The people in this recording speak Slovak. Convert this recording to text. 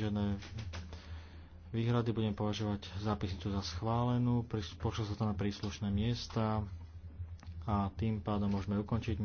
žiadne výhrady, budem považovať zápisnicu za schválenú, pošlo sa to na príslušné miesta a tým pádom môžeme ukončiť.